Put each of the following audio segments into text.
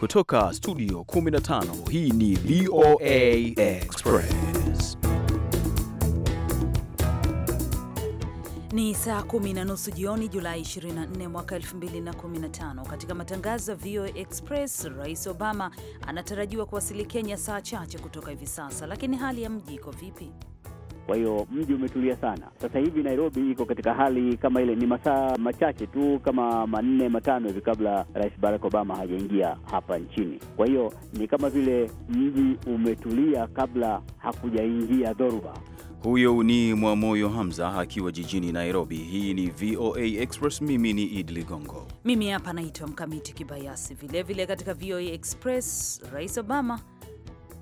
Kutoka studio 15 hii ni VOA Express. Ni saa kumi na nusu jioni Julai 24 mwaka 2015. Katika matangazo ya VOA Express, Rais Obama anatarajiwa kuwasili Kenya saa chache kutoka hivi sasa, lakini hali ya mji iko vipi? Kwa hiyo mji umetulia sana. Sasa hivi Nairobi iko katika hali kama ile, ni masaa machache tu kama manne matano hivi kabla Rais Barack Obama hajaingia hapa nchini. Kwa hiyo ni kama vile mji umetulia kabla hakujaingia dhoruba. Huyo ni Mwamoyo Hamza akiwa jijini Nairobi. Hii ni VOA Express. Mimi ni Idi Ligongo, mimi hapa naitwa Mkamiti Kibayasi. Vilevile katika VOA Express, Rais Obama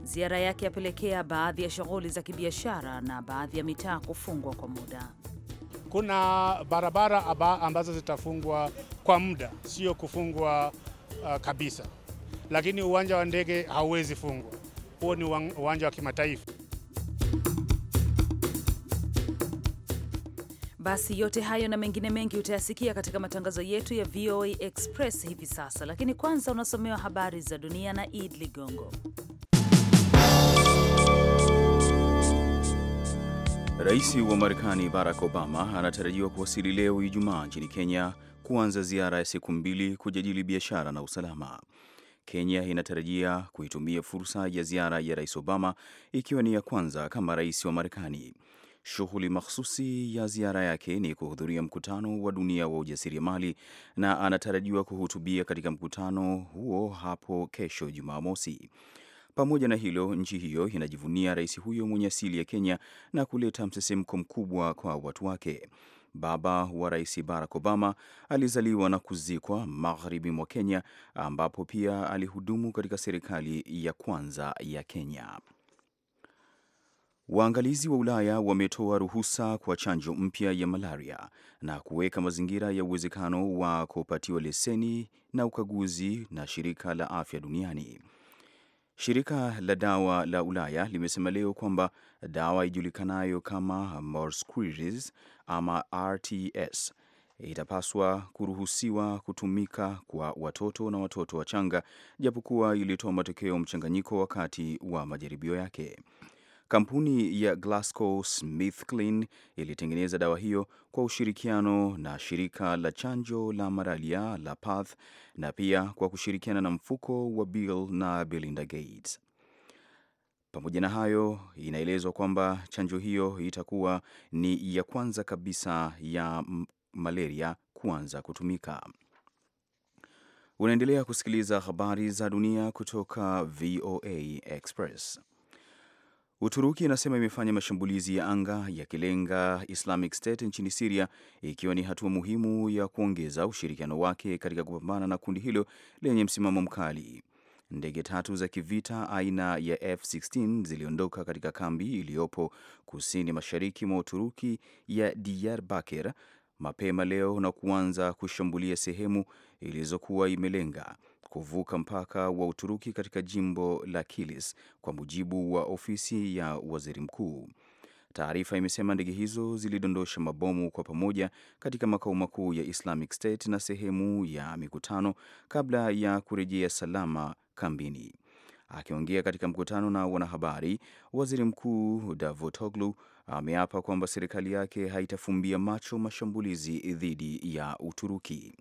ziara yake yapelekea baadhi ya shughuli za kibiashara na baadhi ya mitaa kufungwa kwa muda. Kuna barabara aba ambazo zitafungwa kwa muda, sio kufungwa uh, kabisa, lakini uwanja wa ndege hauwezi fungwa. Huo ni uwanja wa kimataifa. Basi yote hayo na mengine mengi utayasikia katika matangazo yetu ya VOA Express hivi sasa, lakini kwanza unasomewa habari za dunia na Id Ligongo. Rais wa Marekani Barack Obama anatarajiwa kuwasili leo Ijumaa nchini Kenya kuanza ziara ya siku mbili kujadili biashara na usalama. Kenya inatarajia kuitumia fursa ya ziara ya Rais Obama ikiwa ni ya kwanza kama rais wa Marekani. Shughuli mahsusi ya ziara yake ni kuhudhuria mkutano wa dunia wa ujasiriamali na anatarajiwa kuhutubia katika mkutano huo hapo kesho Jumamosi. Pamoja na hilo, nchi hiyo inajivunia rais huyo mwenye asili ya Kenya na kuleta msisimko mkubwa kwa watu wake. Baba wa rais Barack Obama alizaliwa na kuzikwa magharibi mwa Kenya, ambapo pia alihudumu katika serikali ya kwanza ya Kenya. Waangalizi wa Ulaya wametoa ruhusa kwa chanjo mpya ya malaria na kuweka mazingira ya uwezekano wa kupatiwa leseni na ukaguzi na shirika la afya duniani. Shirika la dawa la Ulaya limesema leo kwamba dawa ijulikanayo kama Mosquirix ama RTS itapaswa kuruhusiwa kutumika kwa watoto na watoto wachanga, japokuwa ilitoa matokeo mchanganyiko wakati wa majaribio yake. Kampuni ya GlaxoSmithKline ilitengeneza dawa hiyo kwa ushirikiano na shirika la chanjo la malaria la Path na pia kwa kushirikiana na mfuko wa Bill na Melinda Gates. Pamoja na hayo, inaelezwa kwamba chanjo hiyo itakuwa ni ya kwanza kabisa ya malaria kuanza kutumika. Unaendelea kusikiliza habari za dunia kutoka VOA Express. Uturuki inasema imefanya mashambulizi ya anga yakilenga Islamic State nchini Siria, ikiwa ni hatua muhimu ya kuongeza ushirikiano wake katika kupambana na kundi hilo lenye msimamo mkali. Ndege tatu za kivita aina ya F16 ziliondoka katika kambi iliyopo kusini mashariki mwa Uturuki ya Diyarbakir mapema leo na kuanza kushambulia sehemu ilizokuwa imelenga kuvuka mpaka wa Uturuki katika jimbo la Kilis, kwa mujibu wa ofisi ya waziri mkuu. Taarifa imesema ndege hizo zilidondosha mabomu kwa pamoja katika makao makuu ya Islamic State na sehemu ya mikutano kabla ya kurejea salama kambini. Akiongea katika mkutano na wanahabari, waziri mkuu Davutoglu ameapa kwamba serikali yake haitafumbia macho mashambulizi dhidi ya Uturuki.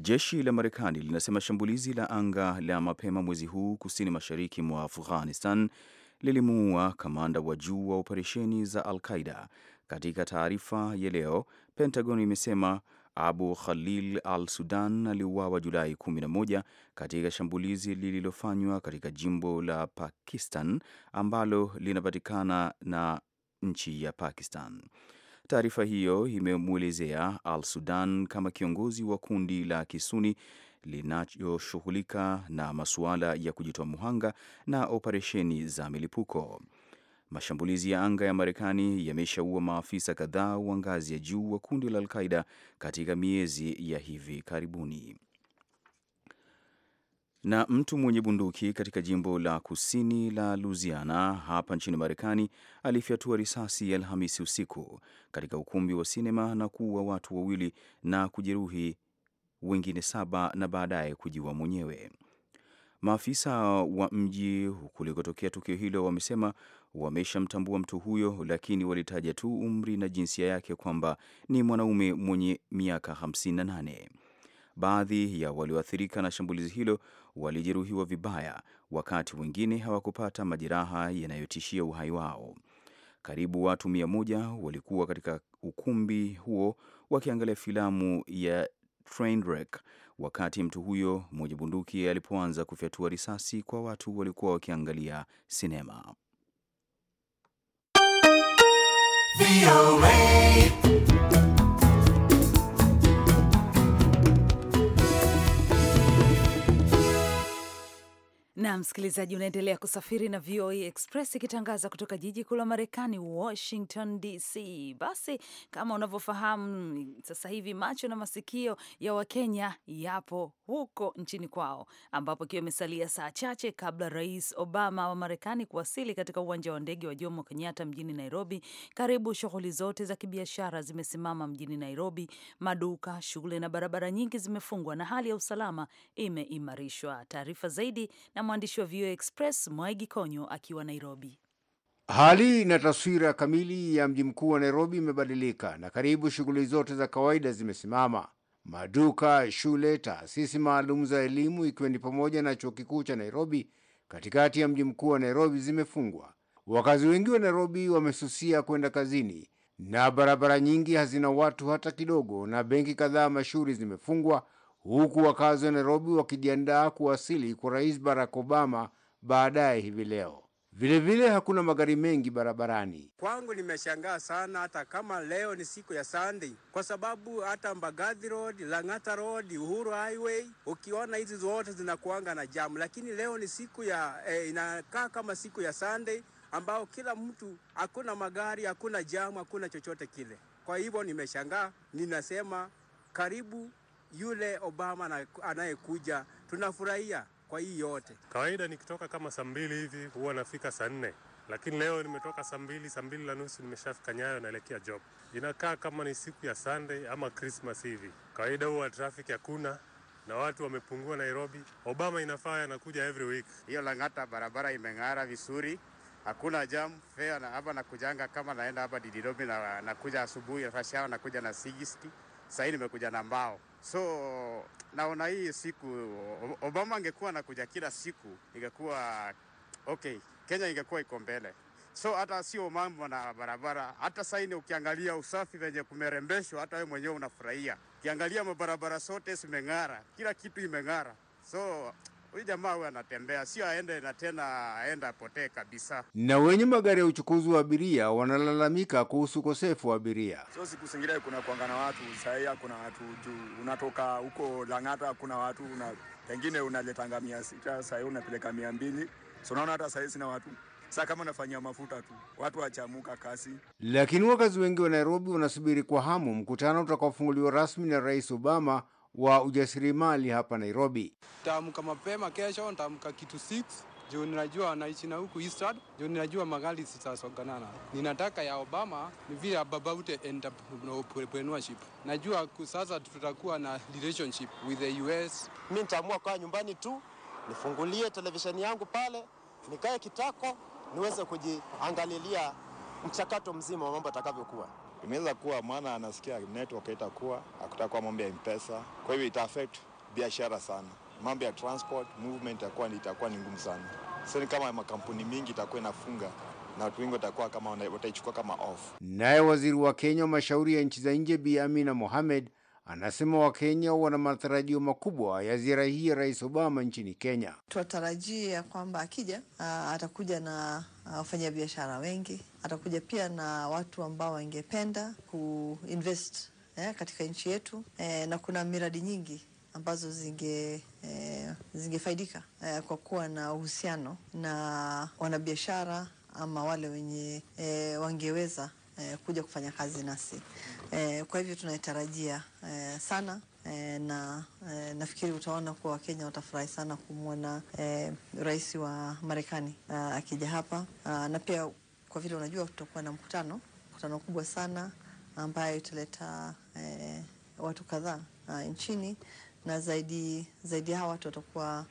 Jeshi la Marekani linasema shambulizi la anga la mapema mwezi huu kusini mashariki mwa Afghanistan lilimuua kamanda wa juu wa operesheni za Al Qaida. Katika taarifa ya leo, Pentagon imesema Abu Khalil al Sudan aliuawa Julai 11 katika shambulizi lililofanywa katika jimbo la Pakistan ambalo linapatikana na nchi ya Pakistan. Taarifa hiyo imemwelezea Al Sudan kama kiongozi wa kundi la Kisuni linachoshughulika na masuala ya kujitoa muhanga na operesheni za milipuko. Mashambulizi ya anga ya Marekani yameshaua maafisa kadhaa wa ngazi ya juu wa kundi la Alqaida katika miezi ya hivi karibuni na mtu mwenye bunduki katika jimbo la kusini la Louisiana hapa nchini Marekani alifyatua risasi ya Alhamisi usiku katika ukumbi wa sinema na kuua watu wawili na kujeruhi wengine saba na baadaye kujiua mwenyewe. Maafisa wa mji kulikotokea tukio hilo wamesema wameshamtambua mtu huyo, lakini walitaja tu umri na jinsia yake kwamba ni mwanaume mwenye miaka 58. Baadhi ya walioathirika na shambulizi hilo walijeruhiwa vibaya, wakati wengine hawakupata majeraha yanayotishia uhai wao. Karibu watu mia moja walikuwa katika ukumbi huo wakiangalia filamu ya Trainwreck wakati mtu huyo mwenye bunduki alipoanza kufyatua risasi kwa watu waliokuwa wakiangalia sinema. na msikilizaji, unaendelea kusafiri na VOA e Express ikitangaza kutoka jiji kuu la Marekani, Washington DC. Basi kama unavyofahamu, sasa hivi macho na masikio ya Wakenya yapo huko nchini kwao, ambapo ikiwa imesalia saa chache kabla Rais Obama wa Marekani kuwasili katika uwanja wa ndege wa Jomo Kenyatta mjini Nairobi, karibu shughuli zote za kibiashara zimesimama mjini Nairobi. Maduka, shule na barabara nyingi zimefungwa na hali ya usalama imeimarishwa. Taarifa zaidi na mwandishi wa VOA Express Mwaigi Konyo akiwa Nairobi. Hali na taswira kamili ya mji mkuu wa Nairobi imebadilika na karibu shughuli zote za kawaida zimesimama. Maduka, shule, taasisi maalum za elimu ikiwa ni pamoja na chuo kikuu cha Nairobi katikati ya mji mkuu wa Nairobi zimefungwa. Wakazi wengi wa Nairobi wamesusia kwenda kazini na barabara nyingi hazina watu hata kidogo, na benki kadhaa mashuhuri zimefungwa huku wakazi wa Nairobi wakijiandaa kuwasili kwa Rais Barack Obama baadaye hivi leo. Vilevile hakuna magari mengi barabarani. Kwangu nimeshangaa sana, hata kama leo ni siku ya Sunday, kwa sababu hata Mbagathi Road, Lang'ata Road, Uhuru Highway, ukiona hizi zote zinakuanga na jamu, lakini leo ni siku ya eh, inakaa kama siku ya Sunday ambao kila mtu, hakuna magari, hakuna jamu, hakuna chochote kile. Kwa hivyo nimeshangaa, ninasema karibu yule Obama anayekuja, tunafurahia kwa hii yote. Kawaida nikitoka kama saa mbili hivi huwa nafika saa nne lakini leo nimetoka saa mbili, saa mbili na nusu nimeshafika Nyayo, naelekea job. Inakaa kama ni siku ya Sunday ama Christmas hivi. Kawaida huwa traffic hakuna na watu wamepungua Nairobi. Obama inafaa anakuja every week. Hiyo Lang'ata barabara imeng'ara vizuri, hakuna jam fare na hapa nakujanga kama naenda hapa Didirobi na nakuja asubuhi, rush hour nakuja na 60 sasa hivi nimekuja na mbao So naona hii siku Obama angekuwa anakuja kila siku, ingekuwa okay, Kenya ingekuwa iko mbele. So hata sio mambo na barabara, hata saini ukiangalia usafi venye kumerembeshwa, hata wewe mwenyewe unafurahia. Ukiangalia mabarabara sote zimeng'ara, kila kitu imeng'ara. So Huyu jamaa huyo anatembea, sio aende na tena aende apotee kabisa. Na wenye magari ya uchukuzi wa abiria wanalalamika kuhusu ukosefu wa abiria. Sio siku zingine kuna kuangana watu, sahii kuna watu juu, unatoka huko Lang'ata, kuna watu una, pengine unaletanga mia sita, unapeleka mia mbili, so unaona hata sahii sina watu kama nafanyia mafuta tu watu wachamuka kasi. Lakini wakazi wengi wa Nairobi wanasubiri kwa hamu mkutano utakaofunguliwa rasmi na Rais Obama wa ujasiriamali hapa Nairobi. ntaamka mapema kesho, ntaamka kitu 6 juu ninajua naishi na huku Eastern, juu ninajua magari sitasonganana. Ninataka ya Obama ni vile about entrepreneurship. Najua sasa tutakuwa na relationship with the US. Mimi nitaamua kaa nyumbani tu, nifungulie televisheni yangu pale, nikae kitako, niweze kujiangalilia mchakato mzima wa mambo atakavyokuwa. Imeweza kuwa mwana anasikia network itakuwa akutakuwa mambo ya mpesa kwa hivyo ita affect biashara sana, mambo ya transport movement itakuwa itakuwa ni ngumu sana. Sasa ni kama makampuni mingi itakuwa inafunga na watu wengi watakuwa kama wataichukua kama off. Naye waziri wa Kenya mashauri ya nchi za nje Bi Amina Mohamed anasema Wakenya wana matarajio makubwa ya ziara hii ya Rais Obama nchini Kenya. Tunatarajia kwamba akija, uh, atakuja na wafanyabiashara wengi, atakuja pia na watu ambao wangependa kuinvest eh, katika nchi yetu eh, na kuna miradi nyingi ambazo zinge eh, zingefaidika eh, kwa kuwa na uhusiano na wanabiashara ama wale wenye eh, wangeweza eh, kuja kufanya kazi nasi. E, kwa hivyo tunaitarajia e, sana e, na e, nafikiri utaona kuwa Wakenya watafurahi sana kumwona e, rais wa Marekani akija hapa a, ah, na pia kwa vile unajua tutakuwa na mkutano mkutano kubwa sana ambayo italeta e, watu kadhaa ah, nchini na zaidi zaidi hawa watu watakuwa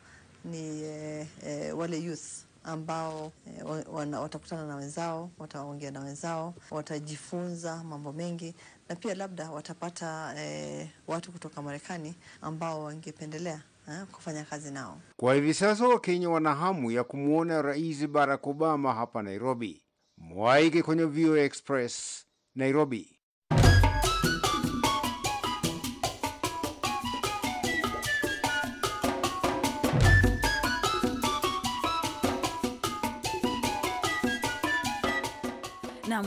ni e, e, wale youth ambao e, wana, watakutana na wenzao, wataongea na wenzao, watajifunza mambo mengi na pia labda watapata e, watu kutoka Marekani ambao wangependelea eh, kufanya kazi nao. Kwa hivi sasa Wakenya wana hamu ya kumwona Rais Barack Obama hapa Nairobi. Mwaike kwenye VOA Express Nairobi.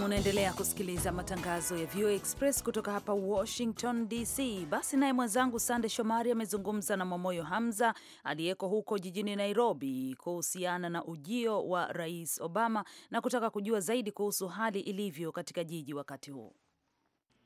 unaendelea kusikiliza matangazo ya VOA Express kutoka hapa Washington DC. Basi naye mwenzangu Sande Shomari amezungumza na Mwamoyo Hamza aliyeko huko jijini Nairobi kuhusiana na ujio wa Rais Obama na kutaka kujua zaidi kuhusu hali ilivyo katika jiji wakati huu.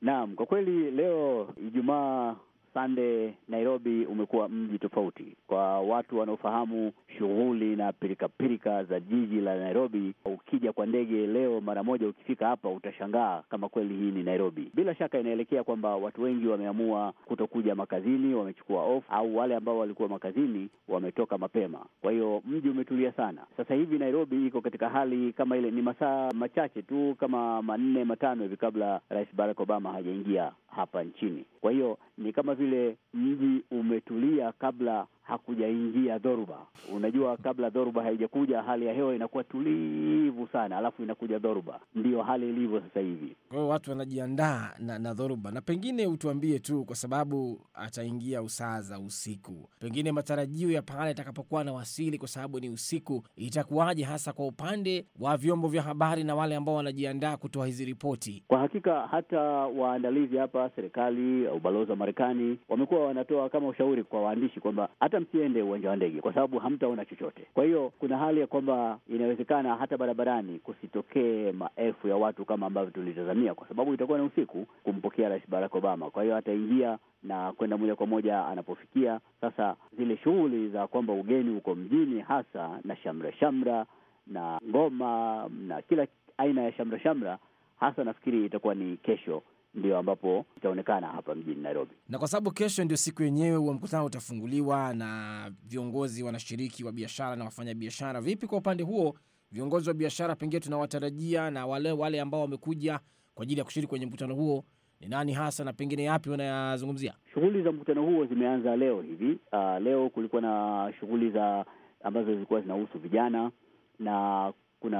Naam, kwa kweli leo Ijumaa Sande, Nairobi umekuwa mji tofauti. Kwa watu wanaofahamu shughuli na pirikapirika -pirika za jiji la Nairobi, ukija kwa ndege leo, mara moja ukifika hapa utashangaa kama kweli hii ni Nairobi. Bila shaka inaelekea kwamba watu wengi wameamua kutokuja makazini, wamechukua off, au wale ambao walikuwa makazini wametoka mapema. Kwa hiyo mji umetulia sana. Sasa hivi Nairobi iko katika hali kama ile, ni masaa machache tu kama manne matano hivi kabla Rais Barack Obama hajaingia hapa nchini. Kwa hiyo ni kama vile vile mji umetulia kabla hakujaingia dhoruba. Unajua, kabla dhoruba haijakuja hali ya hewa inakuwa tulivu sana, alafu inakuja dhoruba. Ndiyo hali ilivyo sasa hivi. Kwa hiyo watu wanajiandaa na, na dhoruba. Na pengine utuambie tu, kwa sababu ataingia usaa za usiku, pengine matarajio ya pale itakapokuwa na wasili, kwa sababu ni usiku, itakuwaje hasa kwa upande wa vyombo vya habari na wale ambao wanajiandaa kutoa hizi ripoti? Kwa hakika hata waandalizi hapa, serikali, ubalozi wa Marekani wamekuwa wanatoa kama ushauri kwa waandishi kwamba hata msiende uwanja wa ndege, kwa sababu hamtaona chochote. Kwa hiyo kuna hali ya kwamba inawezekana hata barabarani kusitokee maelfu ya watu kama ambavyo tulitazamia, kwa sababu itakuwa ni usiku kumpokea Rais Barack Obama. Kwa hiyo ataingia na kwenda moja kwa moja anapofikia. Sasa zile shughuli za kwamba ugeni huko mjini hasa na shamra shamra na ngoma na kila aina ya shamra shamra, hasa nafikiri itakuwa ni kesho ndio ambapo itaonekana hapa mjini Nairobi. Na kwa sababu kesho ndio siku yenyewe wa mkutano utafunguliwa na viongozi wanashiriki wa biashara na wafanya biashara, vipi kwa upande huo viongozi wa biashara pengine tunawatarajia na wale wale ambao wamekuja kwa ajili ya kushiriki kwenye mkutano huo ni nani hasa na pengine yapi wanayazungumzia? Shughuli za mkutano huo zimeanza leo hivi. Uh, leo kulikuwa na shughuli za ambazo zilikuwa zinahusu vijana na kuna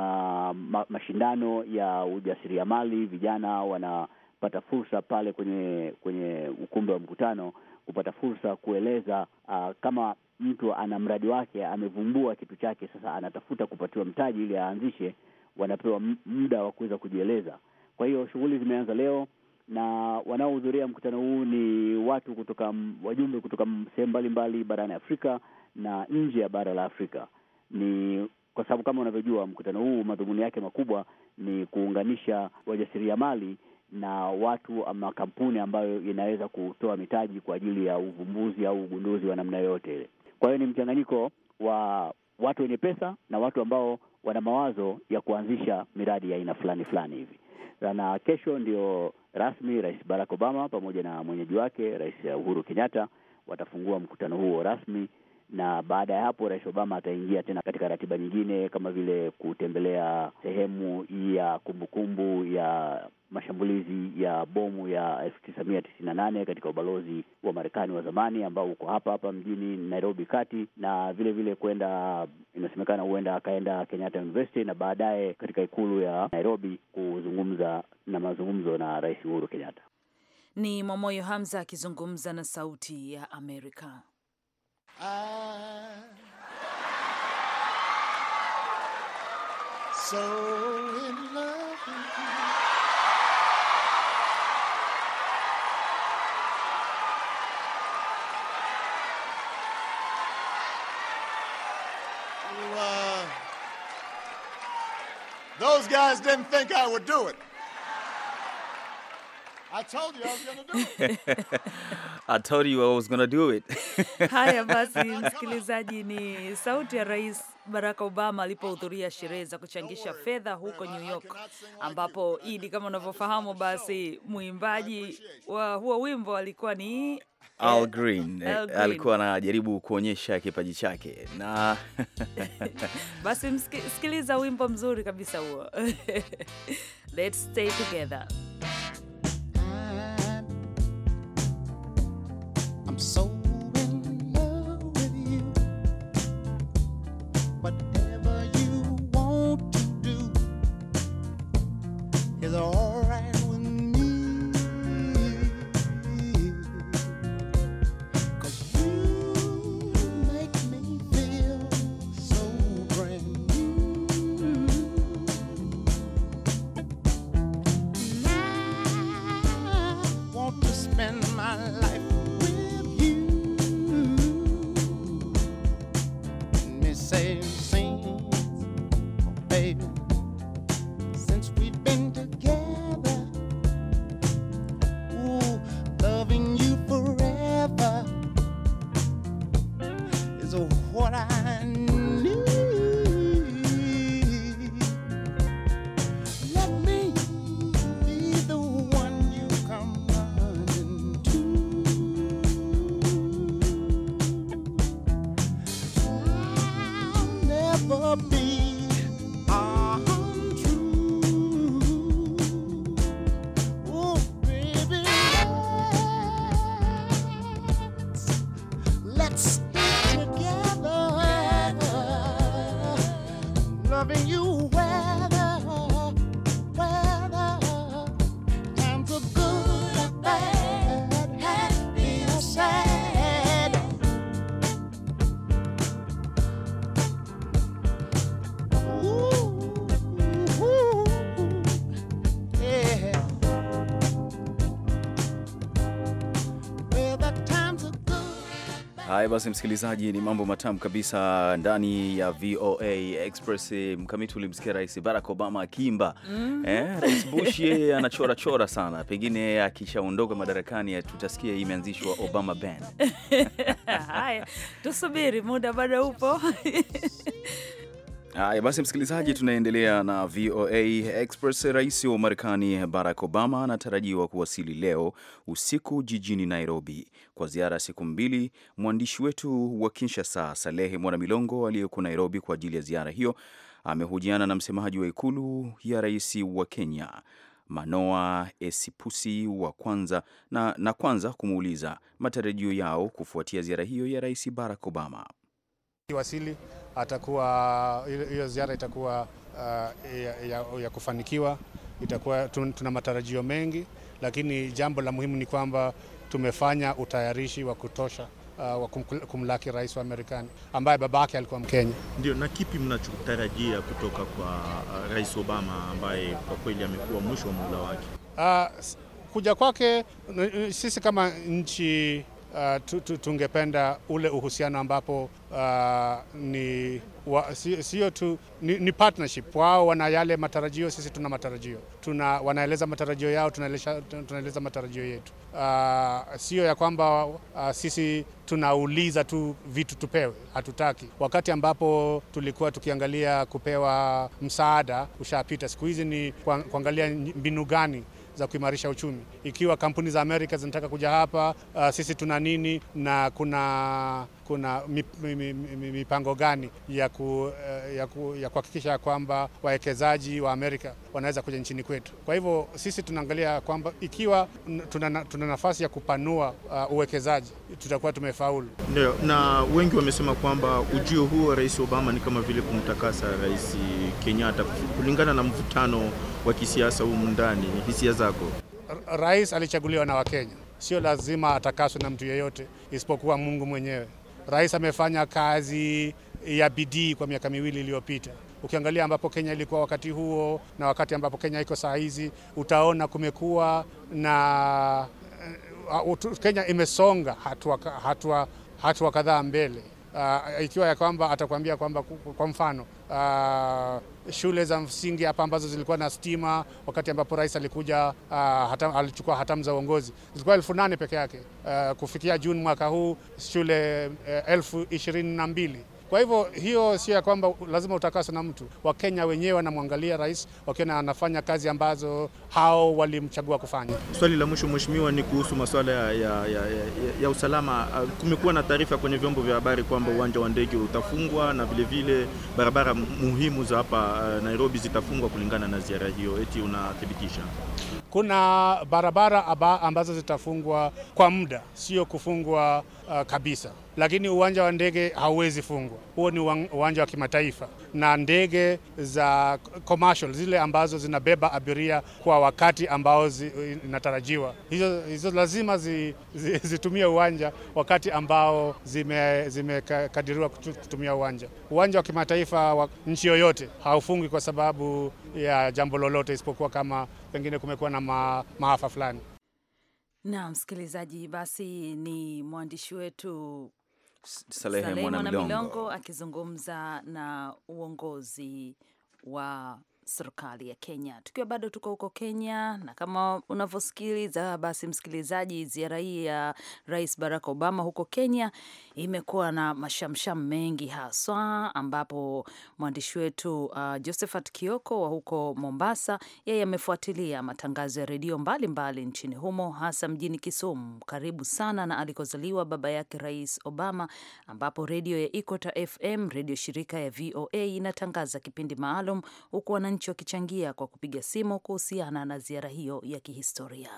ma mashindano ya ujasiriamali. Vijana wana kupata fursa pale kwenye kwenye ukumbi wa mkutano kupata fursa kueleza uh, kama mtu ana mradi wake, amevumbua kitu chake, sasa anatafuta kupatiwa mtaji ili aanzishe, wanapewa muda wa kuweza kujieleza. Kwa hiyo shughuli zimeanza leo na wanaohudhuria mkutano huu ni watu kutoka wajumbe kutoka sehemu mbalimbali barani Afrika na nje ya bara la Afrika. Ni kwa sababu kama unavyojua mkutano huu madhumuni yake makubwa ni kuunganisha wajasiriamali na watu ama kampuni ambayo inaweza kutoa mitaji kwa ajili ya uvumbuzi au ugunduzi wa namna yoyote ile. Kwa hiyo ni mchanganyiko wa watu wenye pesa na watu ambao wana mawazo ya kuanzisha miradi ya aina fulani fulani hivi. Na kesho ndio rasmi Rais Barack Obama pamoja na mwenyeji wake Rais Uhuru Kenyatta watafungua mkutano huo rasmi na baada ya hapo Rais Obama ataingia tena katika ratiba nyingine kama vile kutembelea sehemu ya kumbukumbu kumbu ya mashambulizi ya bomu ya elfu tisa mia tisini na nane katika ubalozi wa Marekani wa zamani ambao uko hapa hapa mjini Nairobi kati, na vile vile kwenda, inasemekana huenda akaenda Kenyatta University na baadaye katika ikulu ya Nairobi kuzungumza na mazungumzo na Rais Uhuru Kenyatta. Ni Mwamoyo Hamza akizungumza na Sauti ya Amerika. I so in love with you. those guys didn't think I would do it. I told you I was going to do it. I told you I was gonna do it. Haya basi, msikilizaji, ni sauti ya Rais Barack Obama alipohudhuria sherehe za kuchangisha fedha huko New York, ambapo Idi, kama unavyofahamu, basi mwimbaji wa huo wimbo alikuwa ni Al Green. Eh, Al Green alikuwa anajaribu kuonyesha kipaji chake na basi msikiliza wimbo mzuri kabisa huo Let's stay together. I'm so in love with you. But Haya basi, msikilizaji, ni mambo matamu kabisa ndani ya VOA Express. Mkamiti, ulimsikia Rais Barack Obama akiimba mm -hmm. Eh, Rais Bush yeye anachorachora sana, pengine akishaondoka madarakani tutasikia imeanzishwa Obama Band. Haya, tusubiri, muda bado upo. Haya basi, msikilizaji, tunaendelea na VOA Express. Rais wa Marekani Barack Obama anatarajiwa kuwasili leo usiku jijini Nairobi kwa ziara ya siku mbili. Mwandishi wetu wa Kinshasa, Salehe Mwanamilongo, aliyeko Nairobi kwa ajili ya ziara hiyo, amehojiana na msemaji wa ikulu ya rais wa Kenya Manoa Esipusi wa kwanza na, na kwanza kumuuliza matarajio yao kufuatia ziara hiyo ya Rais Barack Obama. Kiwasili atakuwa hiyo ziara itakuwa uh, ya, ya, ya kufanikiwa. Itakuwa tuna matarajio mengi, lakini jambo la muhimu ni kwamba tumefanya utayarishi wa kutosha Uh, wa kumlaki rais wa Marekani ambaye baba yake alikuwa Mkenya. Ndio. Na kipi mnachotarajia kutoka kwa uh, Rais Obama ambaye kwa kweli amekuwa mwisho wa muda wake? Uh, kuja kwake sisi kama nchi uh, tungependa ule uhusiano ambapo uh, ni wa, sio tu ni, ni partnership. Wao wana yale matarajio, sisi tuna matarajio, tuna wanaeleza matarajio yao, tunaeleza, tunaeleza matarajio yetu. Uh, sio ya kwamba uh, sisi tunauliza tu vitu tupewe, hatutaki. Wakati ambapo tulikuwa tukiangalia kupewa msaada ushapita, siku hizi ni kuangalia mbinu gani za kuimarisha uchumi. Ikiwa kampuni za Amerika zinataka kuja hapa, uh, sisi tuna nini na kuna kuna mipango gani ya kuhakikisha uh, ya ku, ya kwamba wawekezaji wa Amerika wanaweza kuja nchini kwetu. Kwa hivyo sisi tunaangalia kwamba ikiwa tuna, tuna nafasi ya kupanua uh, uwekezaji tutakuwa tumefaulu. Ndio, na wengi wamesema kwamba ujio huu wa Rais Obama ni kama vile kumtakasa Rais Kenyatta kulingana na mvutano wa kisiasa humu ndani? Ni hisia zako? Rais alichaguliwa na Wakenya, sio lazima atakaswe na mtu yeyote isipokuwa Mungu mwenyewe. Rais amefanya kazi ya bidii kwa miaka miwili iliyopita. Ukiangalia ambapo Kenya ilikuwa wakati huo na wakati ambapo Kenya iko saa hizi, utaona kumekuwa na eh, Kenya imesonga hatua, hatua, hatua kadhaa mbele. Uh, ikiwa ya kwamba atakwambia kwamba kwa mfano uh, shule za msingi hapa ambazo zilikuwa na stima wakati ambapo rais alikuja uh, hatam, alichukua hatamu za uongozi zilikuwa elfu nane peke yake. Uh, kufikia Juni mwaka huu shule uh, elfu ishirini na mbili kwa hivyo hiyo sio ya kwamba lazima utakaswe na mtu. Wakenya wenyewe wanamwangalia rais wakiona anafanya kazi ambazo hao walimchagua kufanya. Swali la mwisho mheshimiwa, ni kuhusu masuala ya, ya, ya, ya usalama. Ah, kumekuwa na taarifa kwenye vyombo vya habari kwamba uwanja wa ndege utafungwa na vilevile barabara muhimu za hapa ah, Nairobi zitafungwa kulingana na ziara hiyo, eti unathibitisha? Kuna barabara ambazo zitafungwa kwa muda, sio kufungwa uh, kabisa, lakini uwanja wa ndege hauwezi fungwa. Huo ni uwanja wa kimataifa, na ndege za commercial zile ambazo zinabeba abiria kwa wakati ambao inatarajiwa, hizo, hizo lazima zi, zi, zitumie uwanja wakati ambao zimekadiriwa zime kutumia uwanja. Uwanja wa kimataifa wa nchi yoyote haufungwi kwa sababu ya jambo lolote, isipokuwa kama pengine kumekuwa na ma, maafa fulani. Na msikilizaji, basi ni mwandishi wetu Salehe Mwanamilongo akizungumza na uongozi wa serikali ya Kenya. Tukiwa bado tuko huko Kenya, na kama unavyosikiliza basi, msikilizaji, ziara hii ya Rais Barack Obama huko Kenya imekuwa na mashamsham mengi haswa, ambapo mwandishi wetu uh, Josephat Kioko wa huko Mombasa, yeye amefuatilia matangazo ya redio mbalimbali nchini humo, hasa mjini Kisumu, karibu sana na alikozaliwa baba yake Rais Obama, ambapo redio ya Ikota FM, redio shirika ya VOA inatangaza kipindi maalum huku wana wananchi wakichangia kwa kupiga simu kuhusiana na ziara hiyo ya kihistoria.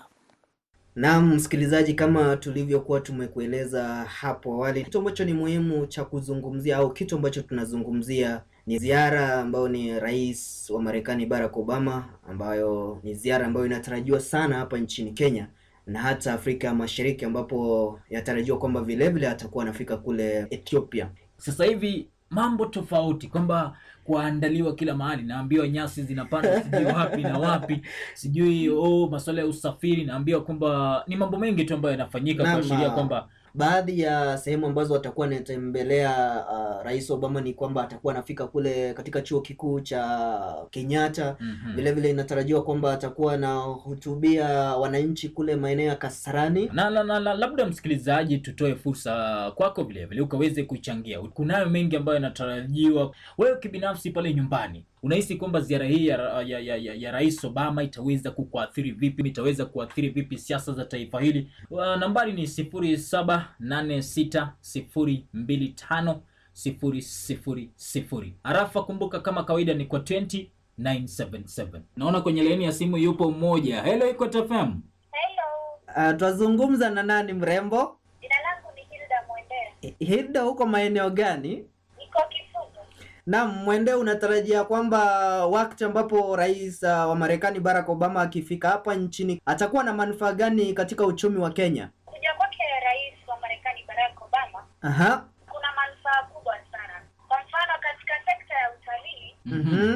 Naam, msikilizaji, kama tulivyokuwa tumekueleza hapo awali, kitu ambacho ni muhimu cha kuzungumzia au kitu ambacho tunazungumzia ni ziara ambayo ni rais wa Marekani Barack Obama, ambayo ni ziara ambayo inatarajiwa sana hapa nchini Kenya na hata Afrika Mashariki, ambapo yatarajiwa kwamba vilevile atakuwa anafika kule Ethiopia. Sasa hivi mambo tofauti kwamba kuandaliwa kila mahali, naambiwa nyasi zinapanda sijui wapi na wapi, sijui oh, masuala ya usafiri, naambiwa kwamba ni mambo mengi tu ambayo yanafanyika kuashiria kwamba Baadhi ya sehemu ambazo atakuwa anatembelea uh, Rais Obama ni kwamba atakuwa anafika kule katika chuo kikuu cha Kenyatta. mm -hmm. Vile vile inatarajiwa kwamba atakuwa anahutubia wananchi kule maeneo ya Kasarani na, na, na, na labda msikilizaji, tutoe fursa kwako vile vile ukaweze kuchangia. Kunayo mengi ambayo yanatarajiwa, wewe kibinafsi pale nyumbani Unahisi kwamba ziara hii ya, ya, ya, ya, ya Rais Obama itaweza kukuathiri vipi? Itaweza kuathiri vipi siasa za taifa hili? Nambari ni 0786025000. Arafa, kumbuka kama kawaida ni kwa 20977. Naona kwenye laini ya simu yupo mmoja. Hello, iko FM. Hello. Uh, twazungumza na nani mrembo? Jina langu ni Hilda Mwendea. Hilda, huko maeneo gani? Na mwendeo unatarajia kwamba wakati ambapo rais uh, wa Marekani Barack Obama akifika hapa nchini atakuwa na manufaa gani katika uchumi wa Kenya? Kuja kwake rais wa Marekani Barack Obama, aha, kuna manufaa kubwa sana. Kwa mfano katika sekta ya utalii mm -hmm.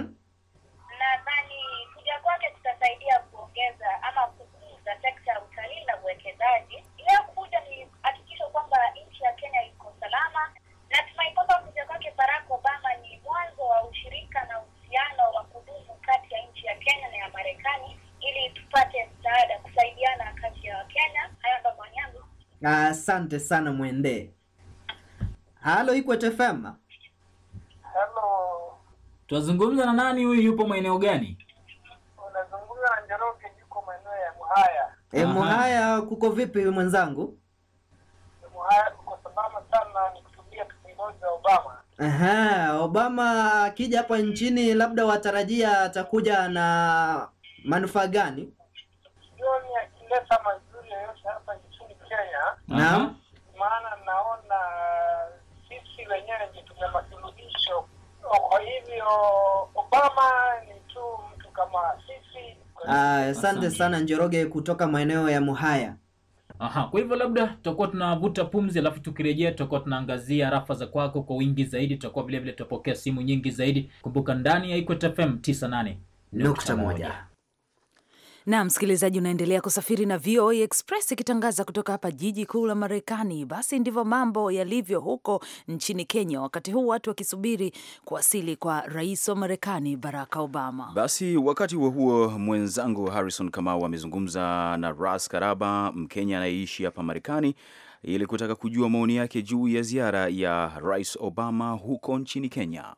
nadhani kuja kwake kutasaidia kuongeza ama kukuza sekta ya utalii na uwekezaji. Leo kuja ni hakikisho kwamba nchi ya Kenya iko salama. Natumai kwamba kuja kwake Barack Obama wa ushirika na uhusiano wa kudumu kati ya nchi ya Kenya na ya Marekani ili tupate msaada kusaidiana kati ya Wakenya. Hayo ndo maoni yangu, asante sana Mwende. Halo, Ikwet FM. Halo, twazungumza na nani huyu, yupo maeneo gani? Unazungumza na Njoroge, yuko maeneo ya Muhaya. E, Muhaya kuko vipi mwenzangu? Aha, Obama akija hapa nchini labda watarajia atakuja na manufaa gani? Kenya. Naam. Maana naona sisi wenyewe ndio tumebaki Kwa hivyo Obama ni tu mtu kama sisi. Ah, Asante sana Njoroge kutoka maeneo ya Muhaya. Aha, kwa hivyo labda tutakuwa tunavuta pumzi, alafu tukirejea tutakuwa tunaangazia rafa za kwako kwa wingi zaidi. Tutakuwa vile vile tutapokea simu nyingi zaidi. Kumbuka ndani ya Ikweta FM 98.1 na msikilizaji, unaendelea kusafiri na VOA Express ikitangaza kutoka hapa jiji kuu la Marekani. Basi ndivyo mambo yalivyo huko nchini Kenya, wakati huu watu wakisubiri kuwasili kwa rais wa Marekani Barack Obama. Basi wakati huo huo, mwenzangu Harrison Kamau amezungumza na Ras Karaba, Mkenya anayeishi hapa Marekani, ili kutaka kujua maoni yake juu ya ziara ya rais Obama huko nchini Kenya.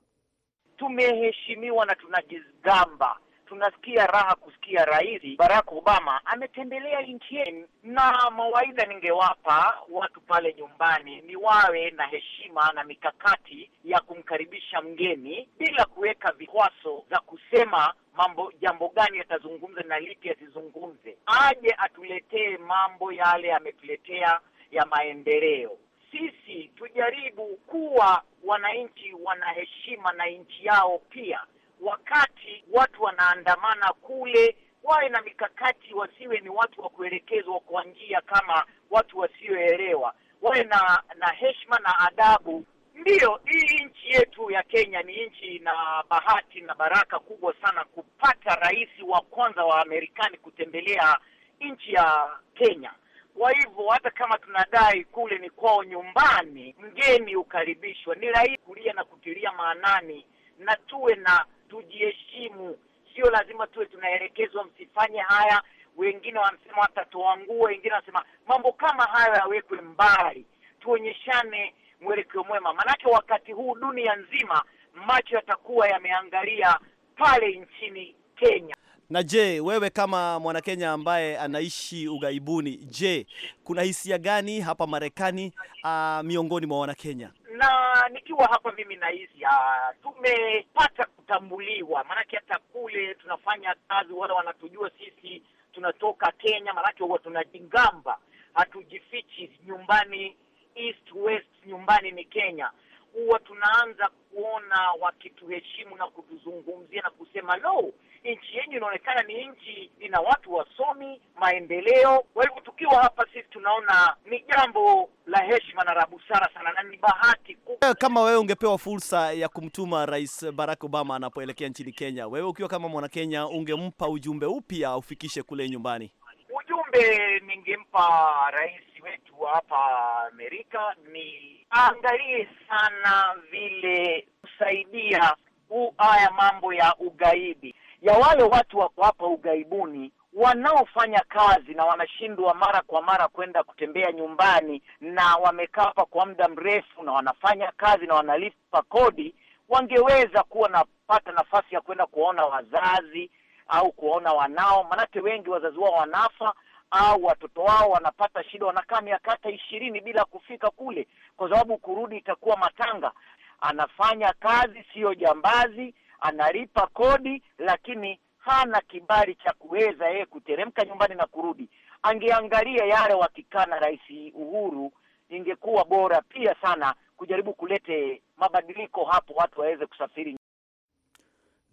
Tumeheshimiwa na tunajigamba tunasikia raha kusikia Rais Barack Obama ametembelea nchi yetu, na mawaidha ningewapa watu pale nyumbani ni wawe na heshima na mikakati ya kumkaribisha mgeni bila kuweka vikwazo za kusema mambo jambo gani atazungumza na lipi asizungumze. Aje atuletee mambo yale ametuletea ya maendeleo. Sisi tujaribu kuwa wananchi wana heshima na nchi yao pia wakati watu wanaandamana kule, wawe na mikakati, wasiwe ni watu wa kuelekezwa kwa njia kama watu wasioelewa, wawe na na heshima na adabu. Ndiyo, hii nchi yetu ya Kenya ni nchi na bahati na baraka kubwa sana kupata rais wa kwanza wa Amerikani kutembelea nchi ya Kenya. Kwa hivyo hata kama tunadai kule ni kwao nyumbani, mgeni ukaribishwa. Ni rahisi kulia na kutilia maanani, na tuwe na tujiheshimu. Sio lazima tuwe tunaelekezwa msifanye haya. Wengine wanasema tuangue, wengine wanasema mambo kama hayo yawekwe mbali. Tuonyeshane mwelekeo mwema, manake wakati huu dunia nzima macho yatakuwa yameangalia pale nchini Kenya. Na je, wewe kama mwanakenya ambaye anaishi ughaibuni, je, kuna hisia gani hapa Marekani, ah, miongoni mwa Wanakenya? na nikiwa hapa mimi na hizi tumepata kutambuliwa, maanake hata kule tunafanya kazi wala wanatujua sisi tunatoka Kenya, maanake huwa tunajingamba, hatujifichi nyumbani east west, nyumbani ni Kenya. Huwa tunaanza kuona wakituheshimu na kutuzungumzia na kusema lo no, nchi yenyu inaonekana ni nchi ina watu wasomi, maendeleo. Kwa hivyo tukiwa hapa sisi tunaona ni jambo la heshima na la busara sana, na ni bahati kubwa. Eh, kama wewe ungepewa fursa ya kumtuma Rais Barack Obama anapoelekea nchini Kenya, wewe ukiwa kama mwanakenya ungempa ujumbe upi aufikishe kule nyumbani? Ujumbe ningempa rais wetu hapa Amerika ni aangalie sana vile kusaidia haya mambo ya ugaidi ya wale watu wako hapa ughaibuni wanaofanya kazi na wanashindwa mara kwa mara kwenda kutembea nyumbani na wamekaa hapa kwa muda mrefu na wanafanya kazi na wanalipa kodi, wangeweza kuwa napata nafasi ya kwenda kuwaona wazazi au kuwaona wanao, manake wengi wazazi wao wanafa au watoto wao wanapata shida, wanakaa miaka hata ishirini bila kufika kule, kwa sababu kurudi itakuwa matanga. Anafanya kazi, siyo jambazi analipa kodi, lakini hana kibali cha kuweza yeye kuteremka nyumbani na kurudi. Angeangalia yale wakikaa na Rais Uhuru, ingekuwa bora pia sana kujaribu kulete mabadiliko hapo, watu waweze kusafiri.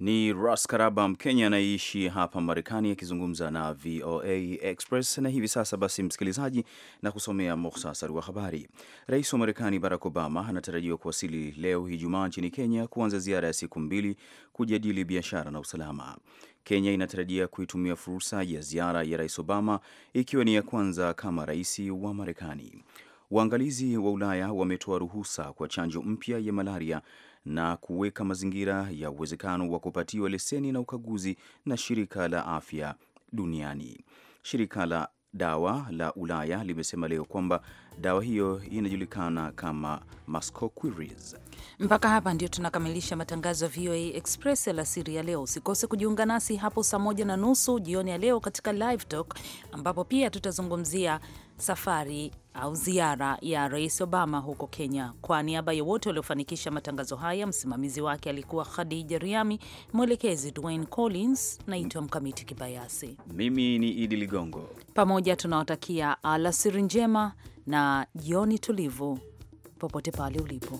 Ni Ras Karaba, Mkenya anayeishi hapa Marekani, akizungumza na VOA Express. Na hivi sasa basi, msikilizaji, na kusomea muhtasari wa habari. Rais wa Marekani Barack Obama anatarajiwa kuwasili leo Ijumaa nchini Kenya kuanza ziara ya siku mbili kujadili biashara na usalama. Kenya inatarajia kuitumia fursa ya ziara ya Rais Obama ikiwa ni ya kwanza kama rais wa Marekani. Waangalizi wa Ulaya wametoa ruhusa kwa chanjo mpya ya malaria na kuweka mazingira ya uwezekano wa kupatiwa leseni na ukaguzi na shirika la afya duniani. Shirika la dawa la Ulaya limesema leo kwamba dawa hiyo inajulikana kama Mascoquiris. Mpaka hapa ndio tunakamilisha matangazo ya VOA Express alasiri ya leo. Usikose kujiunga nasi hapo saa moja na nusu jioni ya leo katika Live Talk ambapo pia tutazungumzia safari au ziara ya Rais Obama huko Kenya. Kwa niaba ya wote waliofanikisha matangazo haya, msimamizi wake alikuwa Khadija Riami, mwelekezi Dwayne Collins. Naitwa Mkamiti Kibayasi, mimi ni Idi Ligongo. Pamoja tunawatakia alasiri njema na jioni tulivu popote pale ulipo.